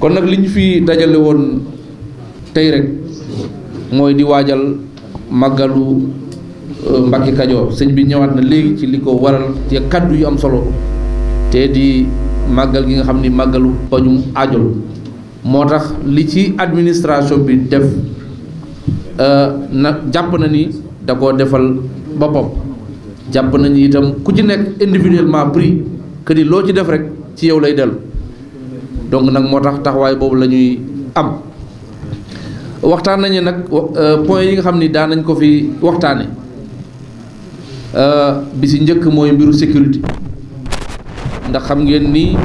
kon nag li ñu fi dajale woon tey rek mooy di waajal màggalu euh, Mbàkke Kajoor sëñ bi ñëwaat na léegi ci li ko waral ci kàddu yu am solo te di màggal gi nga xam ni màggalu pañum ajol moo tax li ci administration bi def euh, nag jàpp na ni da koo defal boppam jàpp nañu itam ku ci nekk individuellement prix que loo ci def rek ci yow lay dellu donc nag moo tax taxawaay boobu la ñuy am waxtaan nañu nag euh, point yi nga xam ni daan nañ ko fi waxtaane euh, bi si njëkk mooy mbiru sécurité ndax xam ngeen ni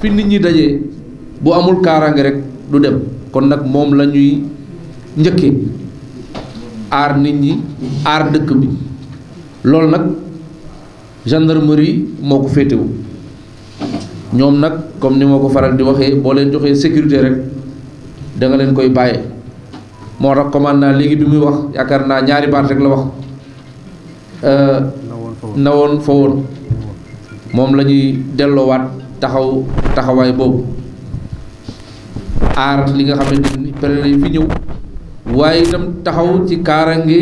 fi nit ñi dajee bu amul kaaraange rek du dem kon nag moom lañuy ñuy njëkkee aar nit ñi aar dëkk bi loolu nag gendarmerie moo ko féetewu ñoom nag comme ni ma ko faral di waxee boo leen joxee sécurité rek danga leen koy bàyyee moo tax commande naa léegi bi muy wax yaakaar naa ñaari baat rek la wax na woon euh, fa woon moom lañuy delloowaat taxaw taxawaay boobu aar li nga xamante ni pèlerin yi fi ñëw waaye itam taxaw ci kaarange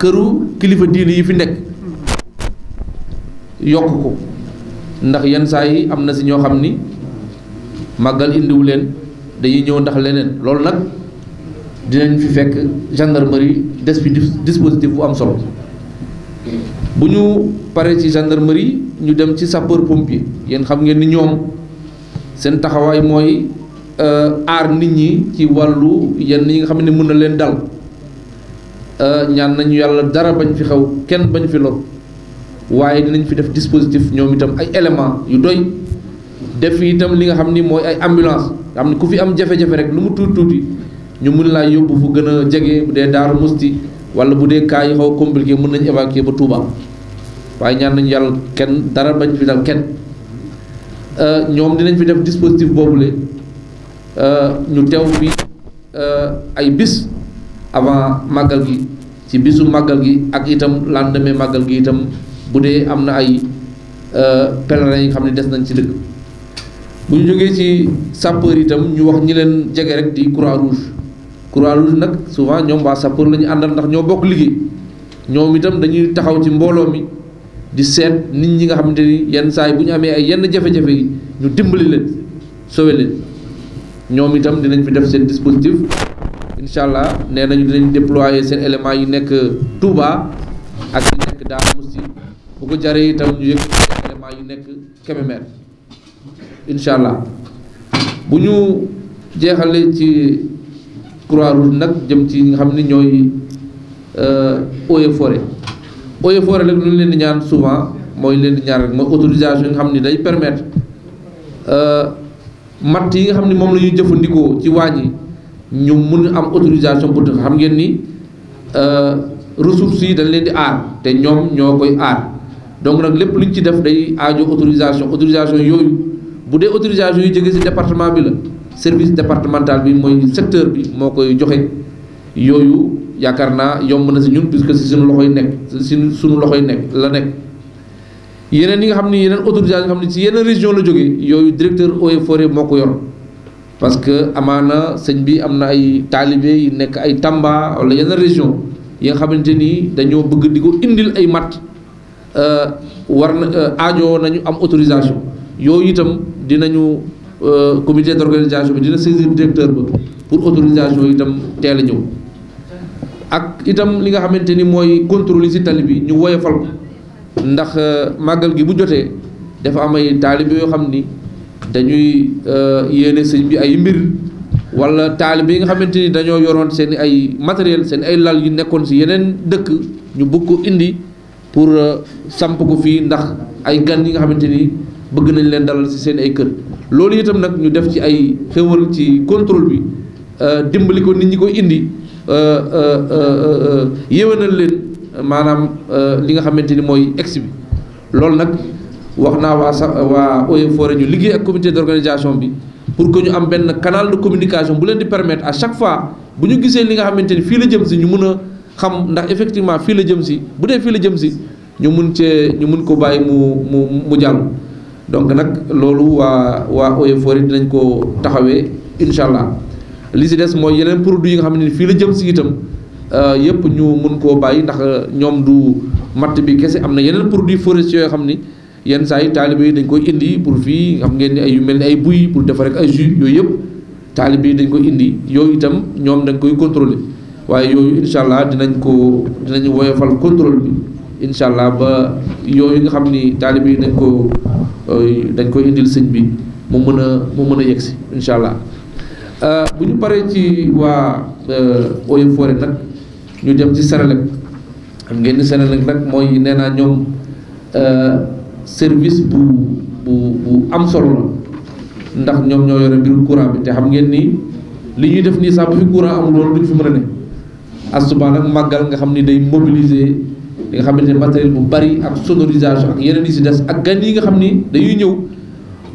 këru kilifa diini yi fi nekk yokk ko ndax yenn saa yi am na si ñoo xam ni màggal indiwu leen dañuy ñëw ndax leneen loolu nag dinañ fi fekk gendarmerie des fi dispositif bu am solo bu ñu paree ci gendarmerie ñu dem ci sapeur pompier yéen xam ngeen ni ñoom seen taxawaay mooy euh, aar nit ñi ci wàllu yenn yi nga xam ne mën na leen dal euh, ñaan nañu yàlla dara bañ fi xew kenn bañ fi lool waaye dinañ fi def dispositif ñoom itam ay éléments yu doy def yi itam li nga xam ni mooy ay ambulance xam ni ku fi am jafe-jafe rek lu mu tuuti tuuti ñu mun laa yóbbu bu gën a jege bu dee Daaru Musti wala bu dee cas yi xaw compliqué mën nañ évacuer ba Touba waaye ñaan nañu yàlla kenn dara bañ fi dal kenn euh, ñoom dinañ fi def dispositif boobule euh, ñu teew fi euh, ay bis avant màggal gi ci bisu màggal gi ak itam lendemain màggal gi itam bu dee am na ay euh, pèlerins yi xam ne des nañ ci dëkk bu ñu jógee ci sapeur yitam ñu wax ñi leen jege rek di croix rouge croix rouge nag souvent ñoom waa sapeur la ñu àndal ndax ñoo bokk liggéey ñoom itam dañuy taxaw ci mbooloo mi di seet nit ñi nga xamante ni yenn saa bu ñu amee ay yenn jafe-jafe yi ñu dimbali leen sowe leen ñoom itam dinañ fi def seen dispositif incha allah nee nañu dinañ déployer seen éléments yi nekk Touba ak yi nekk Darou bu ko jaree itam ñu yëg élément yi nekk Kébémer incha allah bu ñu jeexalee ci croix nag jëm ci nga xam ni ñooy euh, eaux et forêt eaux et forêt rek lu leen di ñaan souvent mooy leen di ñaan rek mooy autorisation yi nga xam ni day permettre euh, matt yi nga xam ni moom lañuy jëfandikoo ci waañ yi ñu mun am autorisation pour xam ngeen ni euh, ressources yi dañ leen di aar te ñoom ñoo koy aar donc nag lépp lu ñu ci def day aajo autorisation autorisation yooyu bu dee autorisation yi jógee si département bi la service départemental bi mooy secteur bi moo koy joxe yooyu yaakaar naa yomb na si ñun puisque si suñu loxoy nekk si suñu loxoy nekk la nekk. yeneen yi nga xam ni yeneen autorisation nga xam ni si yeneen région la jógee yooyu directeur eaux et moo ko yor parce que amaana sëñ bi am na ay taalibe yu nekk ay Tamba wala yeneen région yi nga xamante ni dañoo bëgg ko indil ay matt. Euh, war na euh, aajoo nañu am autorisation yooyu itam dinañu euh, comité d'organisation bi dina saisir directeur ba pour autorisation itam teel a ñëw ak itam li nga xamante ni mooy contrôle ci tali bi ñu woyofal ko ndax màggal gi bu jotee dafa am ay taalib yoo xam ni dañuy yéene sëñ bi ay mbir wala taalibe yi nga xamante ni dañoo yoroon seen ay matériel seen ay lal yu nekkoon ci yeneen dëkk ñu bugg ko indi pour euh, samp ko fii ndax ay gan yi nga xamante ni bëgg nañ leen dalal ci seen ay kër loolu itam nag ñu def ci ay xéwal ci contrôle bi euh, dimbali ko nit ñi ko indi euh, yéwénal leen maanaam li nga xamante ni mooy ex bi loolu nag wax naa waa sa waa Eaux et Forêts ñu liggéey ak comité d'organisation bi pour que ñu am benn canal de communication bu leen di permettre à chaque fois bu ñu gisee li nga xamante ni fii la jëm si ñu mën a xam ndax effectivement fii la jëm si bu dee fii la jëm si ñu mun cee ñu mun koo bàyyi mu mu mu jàll donc nag loolu waa waa Eaux et dinañ ko taxawee incha allah li si des mooy yeneen produit yi nga xam ne fii la jëm si itam euh, yëpp ñu mun koo bàyyi ndax ñoom du matt bi kese am na yeneen produit forestier yoo xam ni yenn saa yi taalibe yi dañ koy indi pour fii xam ngeen ni ay yu mel ni ay buy pour defar rek ay jus yooyu yëpp taalibe yi dañ koy indi yooyu itam ñoom dañ koy contrôler waaye yooyu incha allah dinañ ko dinañ woyofal contrôle bi incha allah ba yooyu nga xam ni taalibe yi dañ ko euh, dañ ko indil sëñ bi mu mën a mu mën a yegsi incha allah euh, bu ñu paree ci waa euh, Eaux et Forêts nag ñu dem ci Senelec xam ngeen ni Senelec nag mooy nee naa ñoom service bu bu bu am solo la ndax ñoom ñoo yore mbiru courant bi te xam ngeen nii li ñuy def nii saa bu fi courant amul woon duñ fi mën a ne. Astuba nag màggal nga xam ni day mobiliser li nga xamante ne matériel bu bari ak sonorisation yeneen yi si des ak gan yi nga xam ni dañuy ñëw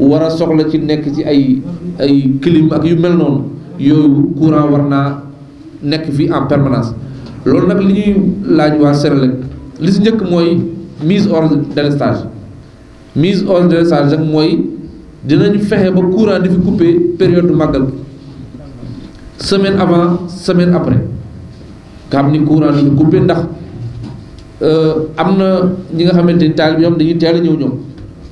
war a soxla ci nekk ci ay ay kilim ak yu mel noonu yooyu courant war naa nekk fii en permanence loolu nag li ñuy laaj waa Senelec li si njëkk mooy mise hors délestage mise hors délestage rek mooy dinañu fexe ba courant di fi coupé période màggal semaine avant semaine après nga xam ni courant la ñu coupé ndax euh, am na ñi nga xamante ni taal bi ñoom dañuy teel a ñëw ñoom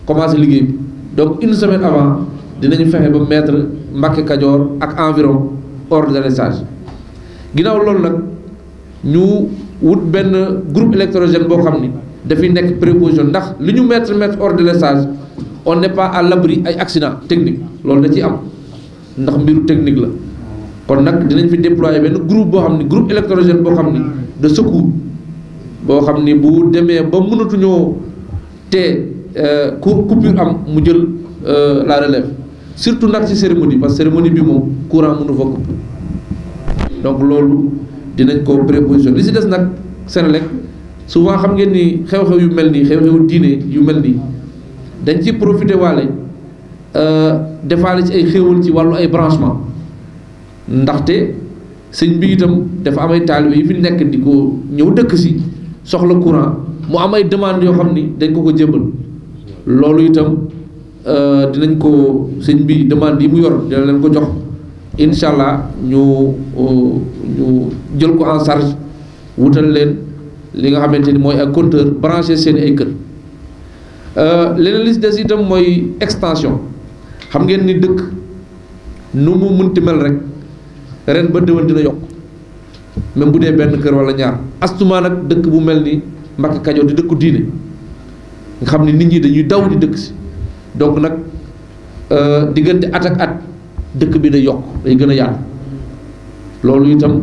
commencé liggéey bi donc une semaine avant dinañu fexe ba mettre Mbacké Kadior ak environ hors de délestage ginnaaw loolu nag ñu wut benn groupe électrogène boo xam ni dafi nekk préposition ndax li ñu mettre mettre hors de délestage on n'est pas à l'abri ay accident technique loolu da ciy am ndax mbiru technique la kon nag dinañ fi déployer benn groupe boo xam ne groupe électrogène boo xam ne de secours boo xam ni bu demee ba mënatuñoo te ku euh, coupure am mu jël euh, la relève surtout nag ci cérémonie parce que cérémonie bi moom courant mënu fa coupe donc loolu dinañ ko préposition li si des nag Senelec souvent xam ngeen ni xew-xew yu mel nii xew-xew diine yu mel nii dañ ci profité waale euh, defaale ci ay xéewal ci wàllu ay branchement ndaxte sëñ bi itam dafa am ay taalibe yi fi nekk di ko ñëw dëkk si soxla courant mu am ay demande yoo xam ni dañ ko ko jëmbal loolu itam euh, dinañ ko sëñ bi demande yi mu yor dina leen ko jox incha allah euh, ñu jël ko en charge wutal leen li nga xamante ni mooy ay compteur branché seen ay kër euh, leneen li des itam mooy extension xam ngeen ni dëkk nu mu munti mel rek ren ba déwén dina yokk même bu dee benn kër wala ñaar astuma nag dëkk bu mel ni Mbacke Kajoor di dëkku diine nga xam ne nit ñi dañuy daw di dëkk si donc nag euh, diggante at ak at dëkk bi day yokk day gën a yaatu loolu itam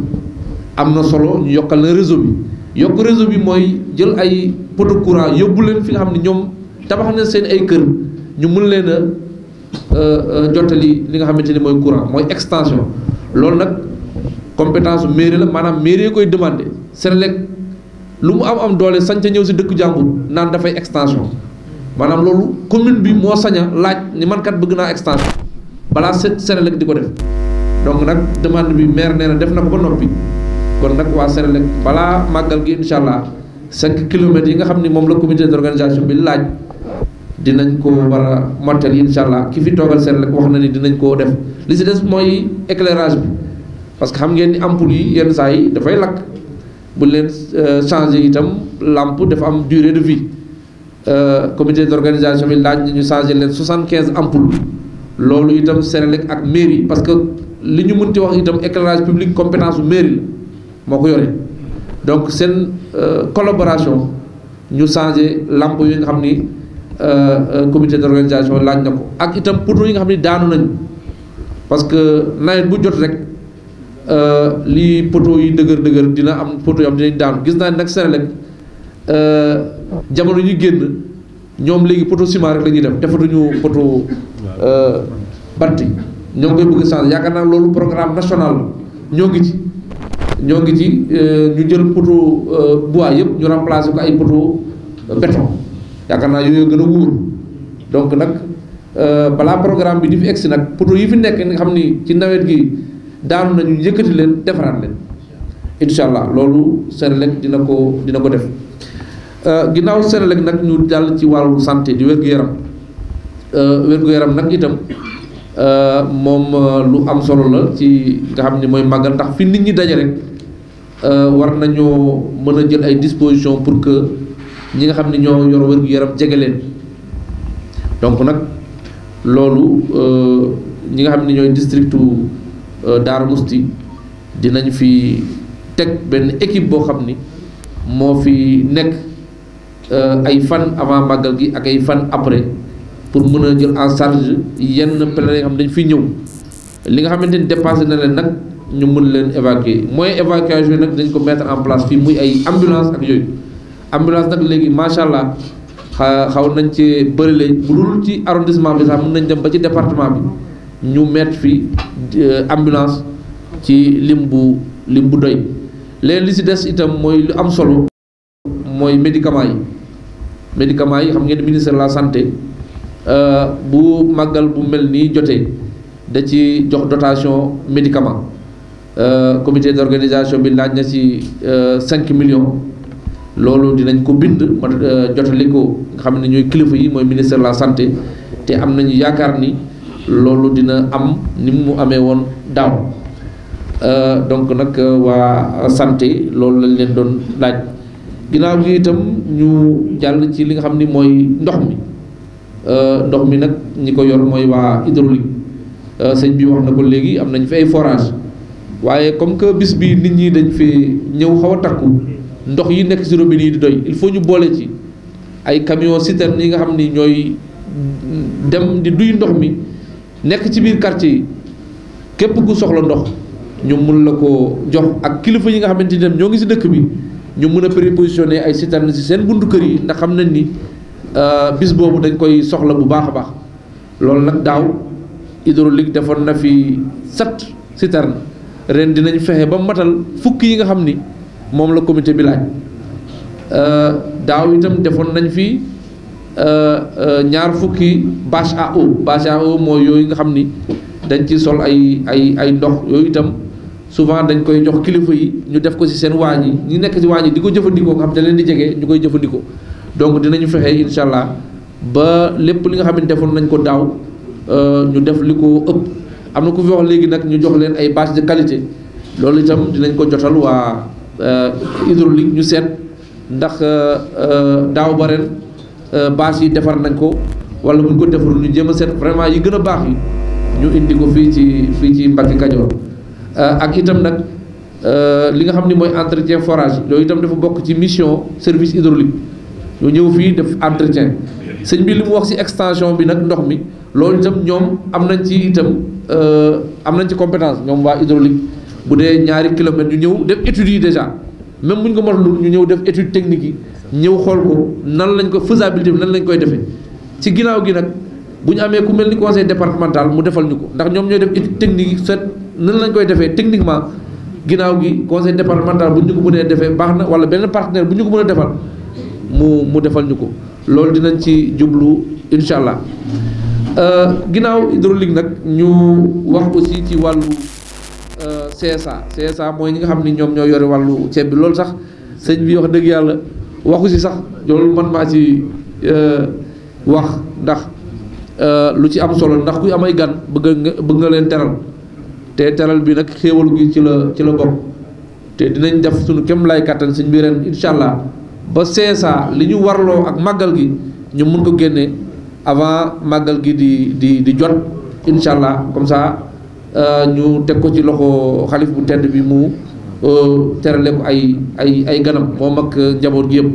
am na solo ñu yokkal la réseau bi yokk réseau bi mooy jël ay poto courant yóbbu leen fi nga xam ne ñoom tabax na seen ay kër ñu mun leen a euh, euh, jottali li nga xamante ni mooy courant mooy extension. loolu nag compétence mairie la maanaam mairie koy demandé Senelec lu mu am am doole sañ ca ñëw si dëkku jàmbur naan dafay extension maanaam loolu commune bi moo saña laaj ni mankat bëgg naa extension balaa Senelec di ko def donc nag demande bi maire nee na def na ko ba noppi kon nag waa Senelec balaa màggal gi incha allah 5 yi nga xam ni moom la comité d'organisation bi laaj. dinañ ko war a mottal incha allah ki fi toogal seen rek wax na ni dinañ koo def li si des mooy éclairage bi parce que xam ngeen ni ampoule yi yenn saa yi dafay lakk bu leen euh, changé itam lampe dafa am durée de vie euh, comité d' bi laaj nañu changé leen 75 ampul loolu itam Senelec ak mairie parce que li ñu mun ti wax itam éclairage public compétence bu mairie moo ko yore donc seen euh, collaboration ñu changé lampe yi nga xam ni. Euh, euh, comité d' organisation laaj na ko ak itam poto yi nga xam ne daanu nañ parce que nawet bu jot rek euh, lii poto yi dëgër dëgër dina am poto yoo xam dinañ daanu gis naa nag Senelec jamono ñu génn ñoom léegi poto ciment rek la ñuy def defatuñu poto batti ñoo ngi koy bëgg a changé yaakaar naa loolu programme national ñoo ngi ci ñoo ngi ci ñu jël poto bois yëpp ñu remplacé ko ay poto béton. yaakaar naa yooyu gën a wóor donc nag euh, balaa programme bi di fi egsi nag poto yi fi nekk nga xam ni ci nawet gi daanu nañu yëkkati leen defaraat leen incha allah loolu Senelec dina ko dina ko def euh, ginnaaw Senelec nag ñu jàll ci wàllu santé di wér yaram euh, wér-gu-yaram nag itam moom lu am solo la ci nga xam ni mooy màggal ndax fi nit ñi daje rek war nañoo mën a jël ay dispositions pour que. ñi nga xam ne ñoo yor wér-gu-yaram jege leen donc nag loolu euh, ñi nga xam ne ñooy districtu euh, Darou Mouhty dinañ fi teg benn équipe boo xam ni moo fi nekk euh, ay fan avant màggal gi ak ay fan après pour mën a jël en charge yenn pèlerins yi nga xam dañ fi ñëw li nga xamante ni dépassé na leen nag ñu mën leen mooy moyen évacuation nag dañ ko mettre en place fii muy ay ambulance ak yooyu ambulance nag léegi macha allah xaw nañ ci bëri lañ bu dul ci arrondissement bi sax mën nañ dem ba ci département bi ñu mettre fi euh, ambulance ci lim bu lim bu doy léegi li si des itam mooy lu am solo mooy médicament yi médicament yi xam ngeen ministre la santé euh, bu màggal bu mel nii jotee da ci jox dotation médicament euh, comité d'organisation bi laaj na ci cinq millions loolu dinañ ko bind ma euh, jotali ko nga xam ne ñooy kilifa yi mooy ministère de la santé te am nañu yaakaar ni loolu dina am ni mu amee woon daaw euh, donc nag euh, waa santé loolu lañ leen doon laaj ginnaaw gi itam ñu jàll ci li nga xam ni mooy ndox mi ndox mi nag ñi ko yor mooy waa hydraulique sëñ bi wax na ko léegi am nañu fi ay forage waaye comme que bis bi nit ñi dañ fi ñëw xaw a takku ndox yi nekk ci robinet yi di doy il faut ñu boole ci ay camion citerne yi nga xam ni ñooy dem di duy ndox mi nekk ci biir quartier yi képp ku soxla ndox ñu mun la ko jox ak kilifa yi nga xamante ni dem ñoo ngi ci dëkk bi ñu mun a prépositionner ay citerne ci seen buntu kër yi ndax xam nañ ni euh, bis boobu dañ koy soxla bu baax a baax loolu nag daaw hydraulique defoon na fi sat citerne ren dinañu fexe ba matal fukki yi nga xam ni moom la comité bi laaj euh, daaw itam defoon nañ fi euh, euh, ñaar fukki bâche à eau bâche mooy yooyu nga xam ni dañ ci sol ay ay ay ndox yooyu itam souvent dañ koy jox kilifa yi ñu def ko si seen waañ yi ñu nekk si waañ yi di ko jëfandikoo nga xam te leen di jege ñu koy jëfandikoo donc dinañu fexe incha allah ba lépp li nga xam ne defoon nañ ko daaw ñu def li ko ëpp am na ku fi wax léegi nag ñu jox leen ay bâche de qualité loolu itam dinañ ko jotal waa Euh, hydraulique ñu seet ndax euh, euh, daaw ba ren bâche yi defar nañ ko wala buñ ko defarul ñu jéem a seet vraiment yi gën a baax yi ñu indi ko fii ci fii ci Mbacke Kajoor ak itam nag li nga xam ni mooy entretien forage yooyu itam dafa bokk ci mission service hydraulique ñu ñëw fii def entretien sëñ bi li mu wax ci extension bi nag ndox mi loolu itam ñoom am nañ ci itam am nañ ci compétence ñoom waa hydraulique bu dee ñaari kilomètres ñu ñëw def études yi déjà même bu ñu ko motalul ñu ñëw def étude technique yi ñëw xool ko nan lañ ko faisabilité bi nan lañ koy defee ci ginnaaw gi nag bu ñu amee ku mel ni conseil départemental mu defal ñu ko ndax ñoom ñooy def étude technique yi seet nan lañ koy defee techniquement ginnaaw gi conseil départemental bu ñu ko mënee defee baax na wala benn partenaire bu ñu ko mën a defal mu mu defal ñu ko loolu dinañ ci jublu incha allah euh, ginnaaw hydraulique nag ñu wax aussi ci wàllu. CSA CSA mooy ñi nga xam ni ñoom ñoo yore wàllu ceeb bi loolu sax sëñ bi wax dëgg yàlla waxu si sax loolu man maa ci euh, wax ndax euh, lu ci am solo ndax kuy amay gan bëgg nga bëgg nga leen teral te teral bi nag xéewal gi ci la ci la bokk te dinañ def suñu kem lay kàttan sëñ bi ren incha allah ba CSA li ñu warloo ak màggal gi ñu mun ko génne avant màggal gi di di di jot incha comme ça. Euh, ñu teg ko ci loxo xalif bu tedd bi mu euh, terale ko ay ay ay ganam moom ak njaboot gi yëpp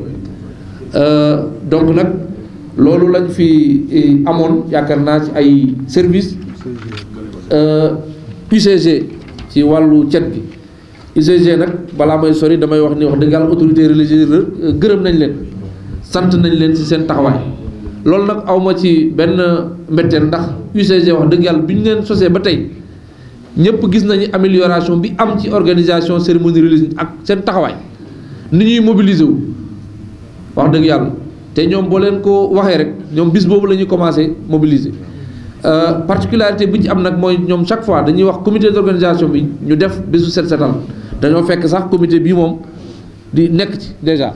euh, donc nag loolu lañ fi eh, amoon yaakaar naa ci ay service UCG ci wàllu cet bi UCG nag balaa may sori damay wax ni wax dëgg yàlla autorité religieuse gërëm nañ leen sant nañ leen ci seen taxawaay loolu nag awma ci benn mbetteel ndax UCG wax dëgg yàlla bi ñu leen sosee ba tey ñëpp gis nañu amélioration bi am ci organisation cérémonie religieuse ak seen taxawaay ni ñuy mobiliser wu wax dëgg yàlla te ñoom boo leen ko waxee rek ñoom bis boobu la ñuy commencé mobiliser euh, particularité bi ñu am nag mooy ñoom chaque fois dañuy wax comité d'organisation bi ñu def bisu set setal dañoo fekk sax comité bi moom di nekk ci déjà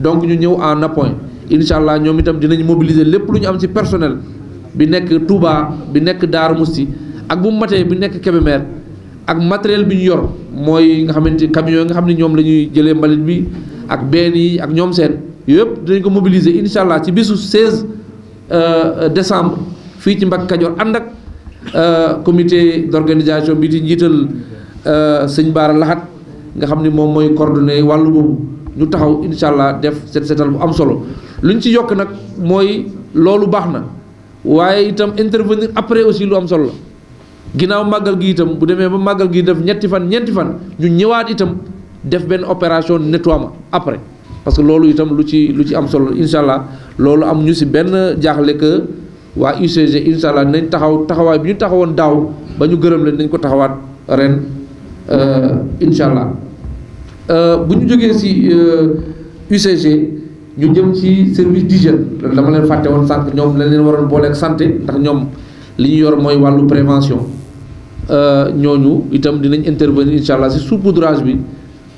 donc ñu ñëw en appoint incha allah ñoom itam dinañ mobiliser lépp lu ñu am ci personnel bi nekk Touba bi nekk Darou Mousty ak bu matee bu nekk Kébémer ak matériel bi ñu yor mooy nga xamante camion yi nga xam ne ñoom la ñuy jëlee mbalit bi ak benn yi ak ñoom seen yëpp dinañ ko mobiliser incha allah ci bisu 16 euh, décembre fii ci Mbacke Kajoor ànd ak euh, comité d'organisation bi di njiital euh, sëñ Baara Laxat nga xam ni moom mooy coordonné wàllu boobu ñu taxaw incha allah def set setal bu am solo luñ ci yokk nag mooy loolu baax na waaye itam intervenir après aussi lu am solo la ginnaaw màggal gi itam bu demee ba màggal gi def ñetti fan ñeenti fan ñu ñëwaat itam def benn opération nettoiement après parce que loolu itam lu ci lu ci am solo incha allah loolu am ñu si benn jaaxle que waa UCG incha allah taxaw taxawaay bi ñu taxawoon daaw ba ñu gërëm leen nañ ko taxawaat ren euh, incha allah euh, bu ñu jógee si UCG euh, ñu jëm ci service d'hygiène dama leen fàtte woon sànq ñoom lañ leen waroon booleeg santé ndax ñoom li ñu yor mooy wàllu prévention Euh, ñooñu itam dinañ intervenir incha allah si saupoudrage bi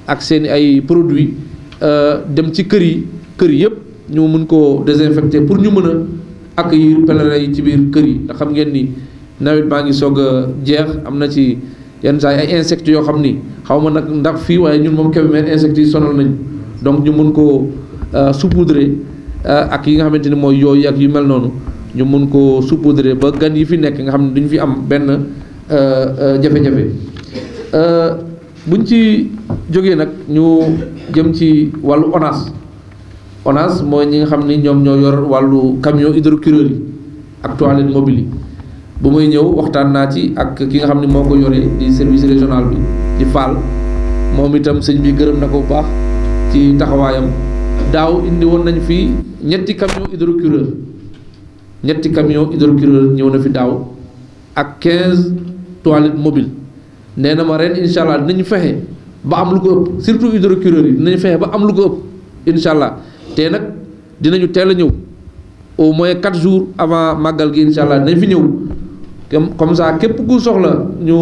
ak seen ay produits euh, dem ci kër yi kër yëpp ñu mun koo désinfecter pour ñu mën a accueillir pèlerins yi ci biir kër yi ndax xam ngeen nii nawet maa ngi soog a jeex am na ci yenn saa ay insectes yoo xam ni xaw ma nag ndax fii waaye ñun moom Kébémer insectes yi sonal nañ donc ñu mun koo euh, saupoudrer ak yi nga xamante ni mooy yooyu ak yu mel noonu ñu mun koo saupoudrer ba gan yi fi nekk nga xam ne duñ fi am benn. Euh, euh, jafe-jafe euh, buñ ci jógee nag ñu jëm ci wàllu ONAS ONAS mooy ñi nga xam ni ñoom ñoo yor wàllu camion hydrocureur yi ak toilette mobile yi bu may ñëw waxtaan naa ci ak ki nga xam ni moo ko yoree di service régional bi di Fall moom itam sëñ bi gërëm na ko bu baax ci taxawaayam daaw indi woon nañu fi ñetti camion hydrocureur ñetti camion hydrocureur ñëw na fi daaw ak 15 toilette mobile nee na ma ren incha allah dinañu fexe ba am lu ko ëpp surtout hydrocureur yi dinañu fexe ba am lu ko ëpp incha allah te nag dinañu teel a ñëw au moins 4 jours avant màggal gi incha allah dinañ fi ñëw comme ça képp ku soxla ñu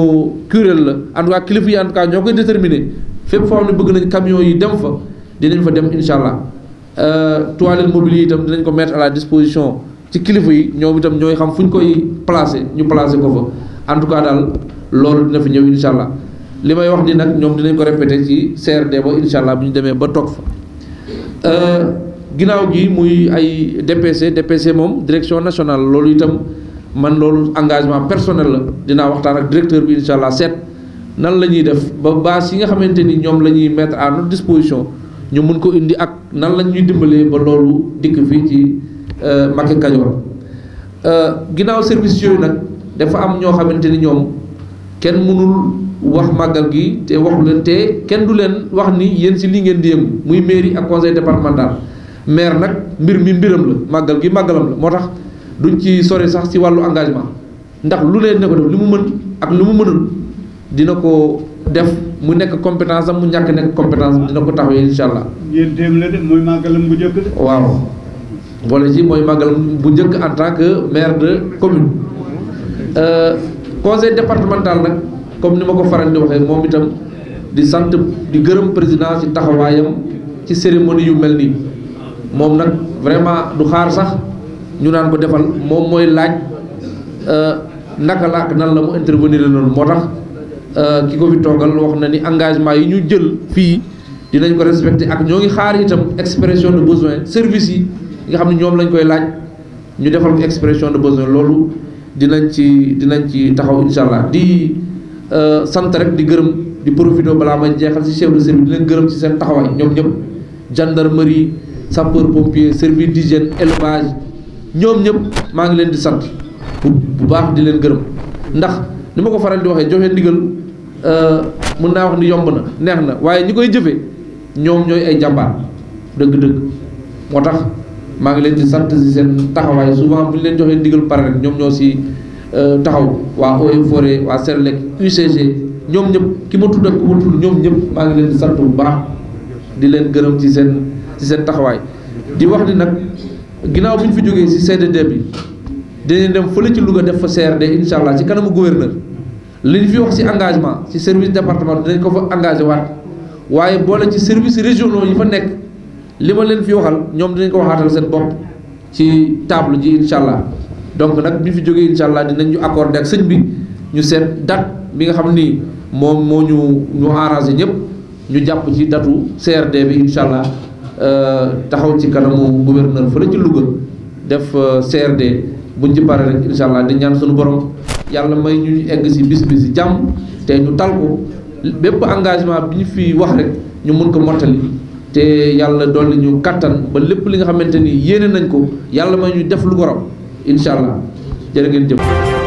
curel la en tout cas kilifa yi en tout cas ñoo koy déterminer fépp foo xam ne bëgg nañ camion yi dem fa dinañ fa dem incha allah euh, toilette mobile yi itam dinañ ko mettre à la disposition ci kilifa yi ñoom itam ñooy xam fu koy placer ñu placer ko fa. en tout cas daal loolu dina fi ñëw incha allah li may wax ni nag ñoom dinañ ko répété ci CRD ba incha allah bu ñu demee ba toog fa euh, ginnaaw gi muy ay DPC DPC moom direction nationale loolu itam man loolu engagement personnel la dinaa waxtaan ak directeur bi incha allah seet nan la ñuy def ba base si nga xamante ni ñoom la ñuy mettre à disposition ñu mun ko indi ak nan la ñuy dimbalee ba loolu dikk fii ci euh, Mbacké Kadior euh, ginnaaw service yooyu nag. dafa am ñoo xamante ni ñoom kenn mënul wax màggal gi te waxu leen te kenn du leen wax ni yéen si lii ngeen di yëngu muy mairie ak conseil départemental maire nag mbir mi mbiram la màggal gi màggalam la moo tax duñ ci sori sax ci wàllu engagement ndax lu leen ne ko def mu mën ak lu mu mënul dina ko def mu nekk compétence am mu ñàkk nekk compétence am dina ko taxawee incha allah. mooy màggalam bu njëkk. waaw boole ci mooy màggalam bu njëkk en tant que maire de commune. Euh, conseil départemental nag comme ni ma ko faral di waxee moom itam di sant di gërëm président ci taxawaayam ci cérémonie yu mel nii moom nag vraiment du xaar sax ñu naan ko defal moom mooy laaj euh, naka la ak nan la mu intervenir noonu moo tax euh, ki ko fi toogal wax na ni engagement yi ñu jël fii dinañ ko respecté ak ñoo ngi xaar itam expression de besoin service yi nga xam ne ñoom lañ koy laaj ñu defal ko expression de besoin loolu dinañ ci dinañ ci taxaw incha allah di euh, sant rek di gërëm di profité balaa may jeexal si chef de service di leen gërëm ci seen taxawaay ñoom ñëpp gendarmerie sapeur pompier service d'hygiène élevage ñoom ñëpp maa ngi leen di sant bu baax di leen gërëm ndax ni ma ko faral di waxee joxe ndigal euh, mun naa wax ni yomb na neex na waaye ñi koy jëfee ñoom ñooy ay jàmbaar dëgg-dëgg moo tax. maa ngi leen di sant si seen taxawaay souvent bu leen joxee ndigal pare rek ñoom ñoo si euh, taxaw waa Eaux et Forêts waa Senelec UCG ñoom ñëpp ki ma tudd ak ñoom ñëpp maa ngi leen di sant bu baax di leen gërëm ci seen seen taxawaay di wax ni nag ginnaaw bi ñu fi jógee si CDD bi dinañ dem fële ci Louga def fa CRD incha allah ci kanamu gouverneur li ñu fi wax si engagement si service département dinañ ko fa engagé waat waaye boole ci service régionaux yi fa nekk. li ma leen fi waxal ñoom dinañ ko waxaatal seen bopp ci taable ji incha allah donc nag bi fi jógee incha allah dinañ ñu accordé ak sëñ bi ñu seet date bi nga xam ni moom moo ñu ñu arrangé ñëpp ñu jàpp ci datu CRD bi incha allah euh, taxaw ci kanamu gouverneur fële ci Louga def euh, CRD buñ ci paree rek incha allah di ñaan suñu borom yàlla may ñu egg si bis bi jàmm te ñu tal ko bépp engagement bi ñu fi wax rek ñu mun ko mottali. te yàlla dolli ñu kattan ba lépp li nga xamante ni yéene nañ ko yàlla ma ñu def lu ko raw incha allah jërë ngeen jëf.